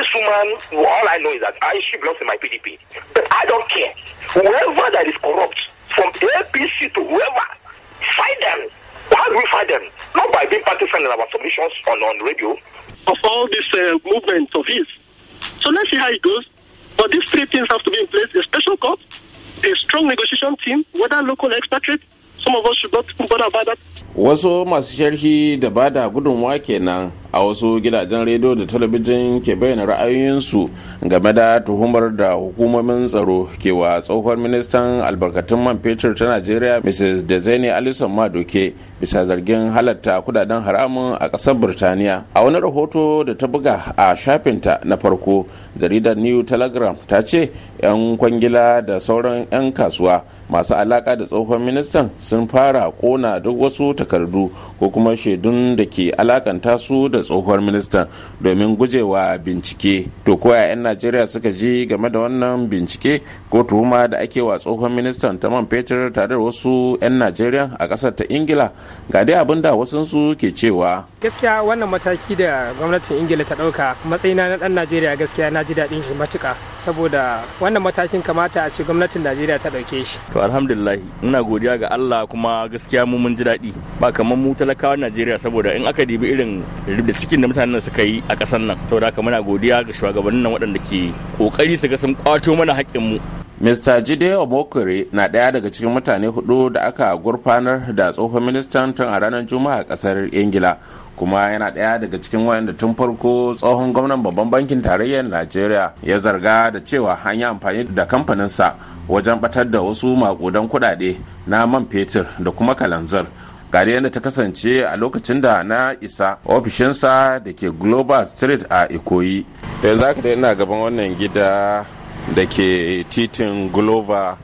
this woman, all I know is that I, she belongs to my PDP. But I don't care. Whoever that is corrupt, from APC to whoever, fight them. How do we fight them? Not by being partisan in our submissions on, on radio. Of all these uh, movements of his. So let's see how it goes. But these three things have to be in place. A special court, a strong negotiation team, whether local expatriate, some of us should not bother about that. Wasu masu sharhi da bada gudunmawa kenan a wasu gidajen rediyo da talabijin ke bayyana ra'ayoyinsu game da tuhumar da hukumomin tsaro ke wa tsohon ministan albarkatun man fetur ta nigeria mrs dezeni alison madoke bisa zargin halatta kudaden haramun a ƙasar birtaniya a wani rahoto da ta buga a shafinta na farko jaridar new telegram ta ce 'yan kwangila da sauran 'yan kasuwa masu alaka da tsohon ministan sun fara kona duk wasu takardu ko kuma shaidun da ke alakanta su da da tsohuwar minista domin gujewa bincike to ko 'yan najeriya suka ji game da wannan bincike ko tuhuma da ake wa tsohuwar ministan ta man fetur tare da wasu 'yan najeriya a kasar ta ingila ga dai abin da wasansu ke cewa gaskiya wannan mataki da gwamnatin ingila ta ɗauka matsayina na ɗan najeriya gaskiya na ji daɗin shi matuka saboda wannan matakin kamata a ce gwamnatin najeriya ta ɗauke shi to alhamdulillahi ina godiya ga allah kuma gaskiya mu mun ji daɗi ba kamar mu talakawa najeriya saboda in aka dibi irin da cikin da mutanen suka yi a ƙasar nan saboda haka muna godiya ga shugabannin nan waɗanda ke ƙoƙari su ga sun kwato mana haƙƙin mu mista jide omokore na daya daga cikin mutane hudu da aka gurfanar da tsohon ministan tun a ranar juma'a kasar ingila kuma yana daya daga cikin wayanda tun farko tsohon gwamnan babban bankin tarayyar najeriya ya zarga da cewa an yi amfani da kamfaninsa wajen batar da wasu makudan kudade na man fetur da kuma kalanzar gari yadda ta kasance a lokacin da na isa ofishinsa da ke global street a ikoyi yanzu haka dai ina gaban wannan gida da ke titin glover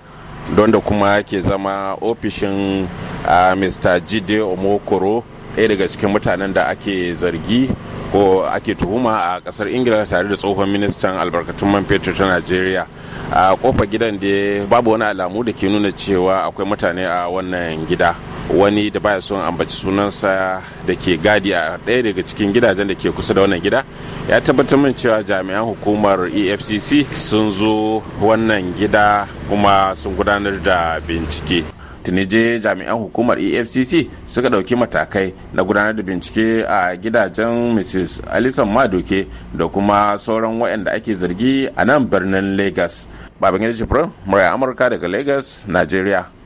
don da kuma ke zama ofishin a mr jide omokoro ɗaya daga cikin mutanen da ake zargi ko ake tuhuma a kasar ingila tare da tsohon ministan albarkatun man fetur ta nigeria a kofa gidan da babu wani alamu da ke nuna cewa akwai mutane a wannan gida wani da baya son ambaci sunansa da ke gadi a ɗaya daga cikin gidajen da ke kusa da wannan gida ya tabbatar min cewa jami'an hukumar efcc sun zo wannan gida kuma sun gudanar da bincike tunije jami'an hukumar efcc suka ɗauki matakai na gudanar da bincike a gidajen mrs alison madoke da kuma sauran waɗanda ake zargi a nan birnin lagos babangida jibrin murya amurka daga lagos nigeria